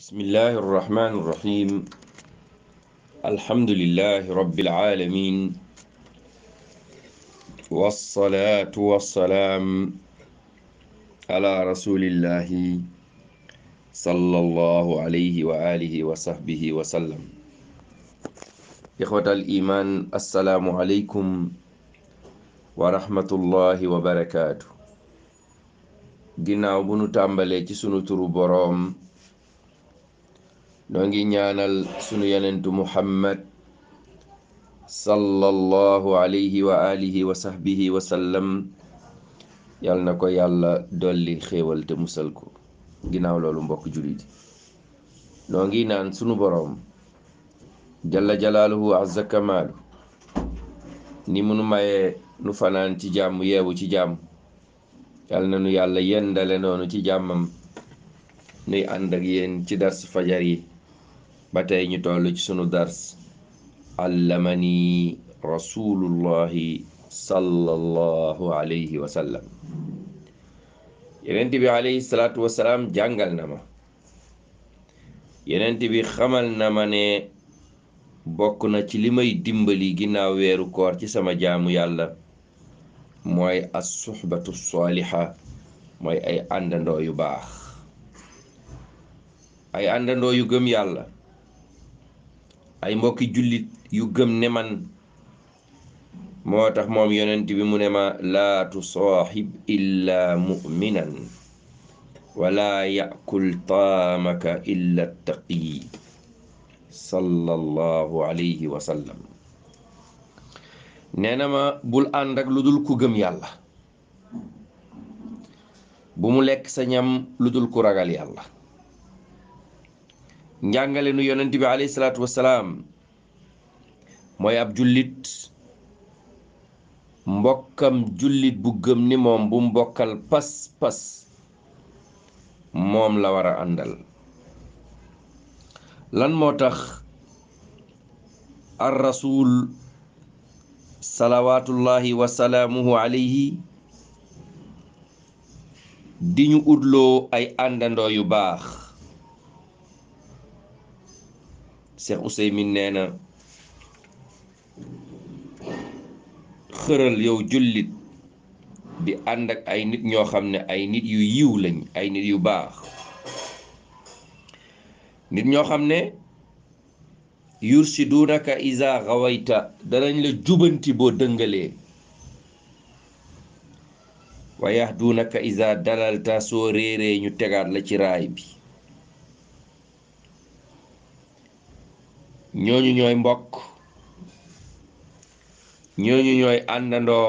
bismillahi irrahmani irrahim alhamdulilahi rabbil alamin wassalaatu wassalaam ala rasulillahi sallallahu alayhi wa alihi wa sahbihi wa sallam ixwata al iman assalaamu aleykum wa rahmatullahi wa barakaatu ginnaaw bu nu tàmbalee ci sunu turu boroom noo ngi ñaanal sunu yenentu muhammad sallallahu alayhi wa alihi wa sahbihi wa sallam na ko yàlla dolli xéewal te musal ko ginnaaw loolu mbokk jullit noo ngi naan sunu boroom jalla jalaaluhu azza kamaalu ni munu maye nu fanaan ci jàmm yeewu ci jàmm yal na nu yàlla yendale noonu ci jàmmam nuy àndak ak yéen ci dars fajar yi ba tey ñu toll ci sunu dars allamani rasulullahi sallallahu alayhi wa sallam bi alayhi salaatu wasalaam jàngal na ma yenent bi xamal na ma ne bokk na ci li may dimbali ginnaaw weeru koor ci sama jaamu yàlla mooy as suxbatu saaliha mooy ay àndandoo yu baax ay àndandoo yu gëm yàlla ay mbokki jullit yu gëm ne man moo tax moom yonent bi mu ne ma laa tusaaxib illa muminan wala yakul taamaka illa taqiyi sallallahu alayhi wa sallam nee na ma bul ànd ludul lu ku gëm yàlla bu mu lekk sa ñam lu dul ku ragal yàlla njàngaleenu nu yonent bi alayhi salaatu wassalaam mooy ab jullit mbokkam jullit bu gëm ni moom bu mbokkal pas pas moom la war a àndal lan moo tax ar rasul salawaatullahi wa salaamuhu alayhi di ñu utloo ay àndandoo yu baax Cheikh Ouseymin nee na xëral yow jullit di ànd ak ay nit ñoo xam ne ay nit yu yiw lañ ay nit yu baax nit ñoo xam ne yursidunaka isa xawayta danañ la jubanti boo dëngalee du yahdunaka isa dalalta soo réeree ñu tegaat la ci raay bi ñooñu ñooy mbokk ñooñu ñooy àndandoo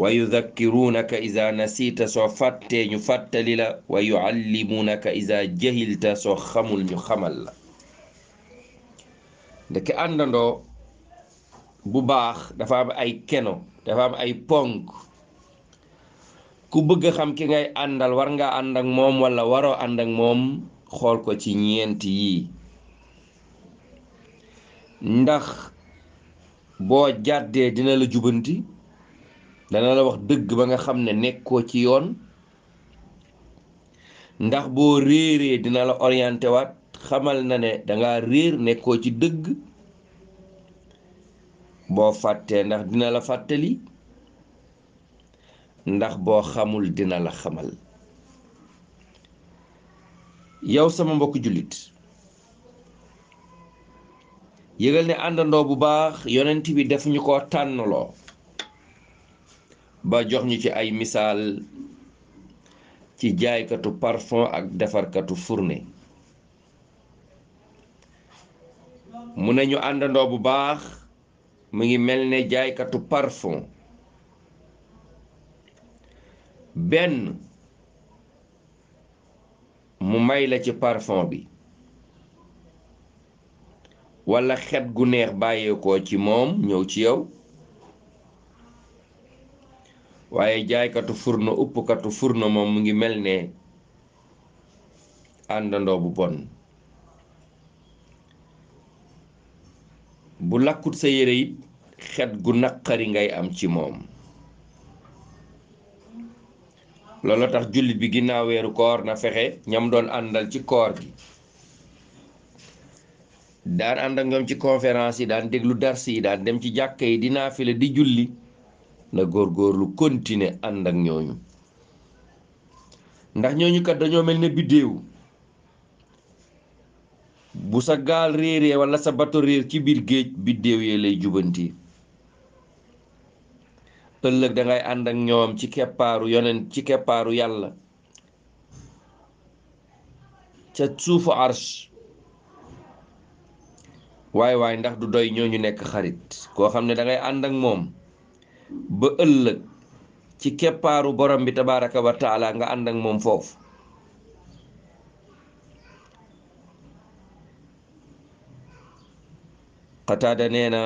wa yudakkiruunaka ida nasiita soo fàttee ñu fàttali la wa yuallimuunaka ida jahilta soo xamul ñu xamal la ndeke àndandoo bu baax dafa am ay keno dafa am ay ponk ku bëgg xam ki ngay àndal war nga ànd moom wala waroo ànd moom xool ko ci ñeent yii ndax boo jàddee dina la jubanti dana la wax dëgg ba nga xam ne nekkoo ci yoon ndax boo réeree dina la orienté waat xamal na ne danga réer nekkoo ci dëgg boo fàttee ndax dina la fàttali ndax boo xamul dina la xamal yow sama mbokk jullit yëgal ne àndandoo bu baax yonent bi def ñu ko tànnaloo ba jox ñu ci ay misaal ci jaaykatu parfon ak defarkatu fourne mu ne ñu àndandoo bu baax mu ngi mel ne jaaykatu parfon benn mu may la ci parfon bi wala xet gu neex bàyyeekoo ci moom ñëw ci yow waaye jaaykatu furno uppkatu furno moom mu ngi mel ne àndandoo bu bon bu lakkut sa yére it xet gu naqari ngay am ci moom loolu tax jullit bi ginnaaw weeru koor na fexe ñam doon àndal ci koor gi daan ànd ak ñoom ci conférence yi daan déglu dars yi daan dem ci jàkk yi dinaa naafile di julli na góorgóorlu continuer ànd ak ñooñu ndax ñooñu kat dañoo mel ne biddéew bu sa gaal réeree wala sa bato réer ci biir géej biddéew yee lay jubanti ëllëg dangay ànd ak ñoom ci keppaaru yonent ci keppaaru yàlla ca suufu arsh waay waay ndax du doy ñu nekk xarit koo xam ne da ànd ak moom ba ëllëg ci keppaaru borom bi tabaaraka wa taala nga ànd ak moom foofu xataada nee na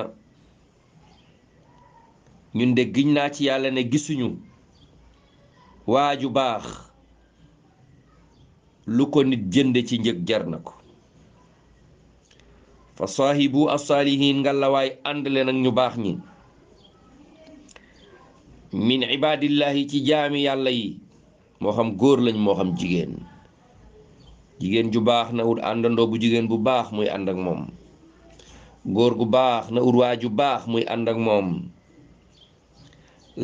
ñun de giñ naa ci yàlla ne gisuñu waa ju baax lu ko nit jënde ci njëg jar na ko fa saahibu assaalihin ngàllawaay ànd leen ak ñu baax ñi min ibadillahi ci jaami yàlla yi moo xam góor lañ moo xam jigéen jigéen ju baax na ut àndandoo bu jigéen bu baax muy ànd ak moom góor gu baax na ut waa ju baax muy ànd ak moom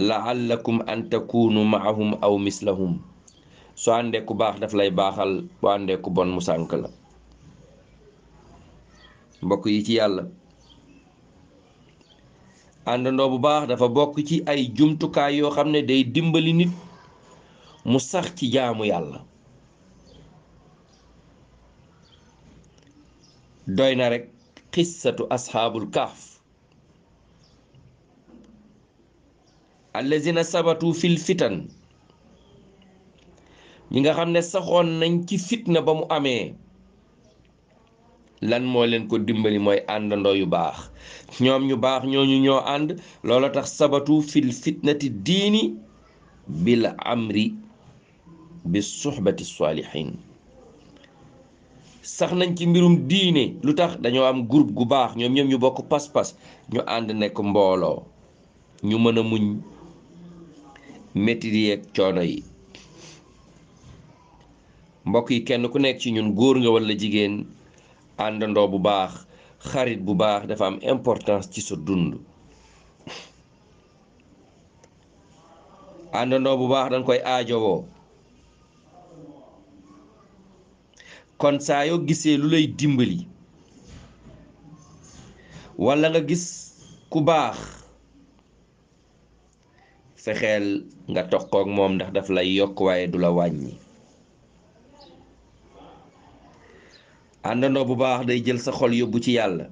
laallakum an takunu maahum aw mislahum soo àndee ku baax daf lay baaxal boo àndee ku bon mu sànk la mbokk yi ci yàlla àndandoo bu baax dafa bokk ci ay jumtukaay yoo xam ne day dimbali nit mu sax ci jaamu yàlla doy na rekk qissatu asxaabul kaaf allazina sabatu fil fitan ñi nga xam ne saxoon nañ ci fitna ba mu amee lan moo leen ko dimbali mooy àndandoo yu baax ñoom ñu baax ñooñu ñoo ànd loola tax sabatu fil fitnati diini bil amri bi suxbati saalihin sax nañ ci mbirum diine lu tax dañoo am groupe gu baax ñoom ñoom ñu bokk pas-pas ñu ànd nekk mbooloo ñu mën a muñ métit yeeg coono yi mbokk yi kenn ku nekk ci ñun góor nga walla jigéen àndandoo bu baax xarit bu baax dafa am importance ci sa dund àndandoo bu baax danga koy aajowoo kon saa yoo gisee lu lay dimbali walla nga gis ku baax fexeel nga toqoog moom ndax daf lay yokk waaye du la wàññi àndandoo bu baax day jël sa xol yóbbu ci yàlla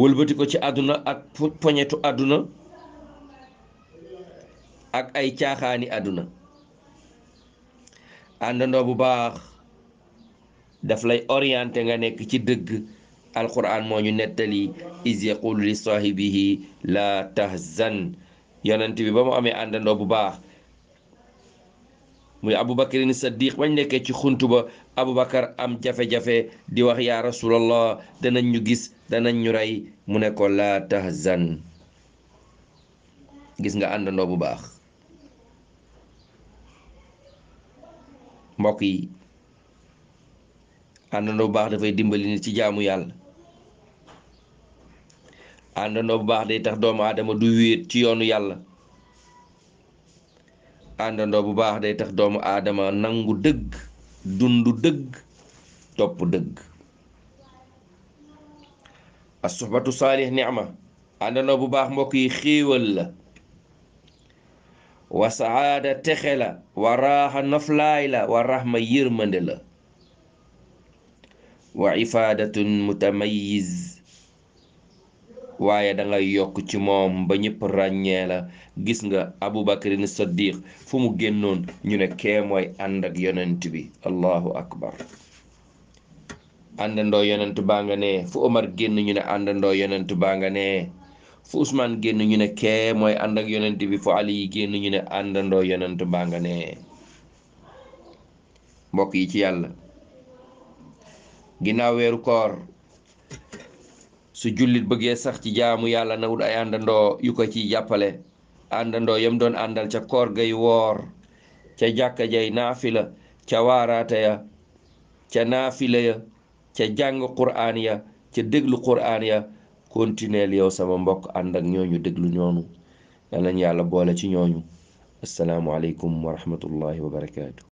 wëlbati ko ci àdduna ak poñetu àdduna ak ay caaxaani àdduna àndandoo bu baax daf lay orienté nga nekk ci dëgg alquran moo ñu nettali is yaqulu li saahibihi la tahzan yonent bi ba mu amee àndandoo bu baax muy aboubacar ni saddiq bañ nekkee ci xunt ba abu aboubacar am jafe-jafe di wax yaa rasulallah danañ ñu gis danañ ñu rey mu ne ko laa tahzan gis nga àndandoo bu baax mbokk yi àndandoo bu baax dafay dimbali nit ci jaamu yàlla àndandoo bu baax day tax doomu aadama du wéet ci yoonu yàlla àndandoo bu baax day tax doomu aadama nangu dëgg dund dëgg topp dëgg as-suhbatu saalih ni'ma àndandoo bu baax mbokk yi xéewal la wa saada texe la wa raaxa noflaay la wa rahma yërmande la wa ifaadatun mutamayiz waaye da yokk ci moom ba ñëpp ràññee la gis nga abubakarin saddiq fu mu génnoon ñu ne kee mooy ànd ak yonent bi allahu akbar àndandoo yonent baa nga ne àndandoo yonent baa nga ne fu usmaan génn ñu ne kee mooy ànd ak yonent bi fu ali yi génn ñu ne àndandoo yonent baa nga ne mbokk yi ci yàlla ginnaaw weeru koor su jullit bëggee sax ci jaamu yàlla na wut ay àndandoo yu ko ciy jàppale àndandoo yam doon àndal ca koor gay woor ca jàkka jay naafila ca waaraate ya ca naafila ya ca jàng quraan ya ca déglu quraan ya continuel yow sama mbokk ànd ak ñooñu déglu ñoonu yal yàlla boole ci ñooñu asalaamualeykum wa rahmatullahi wa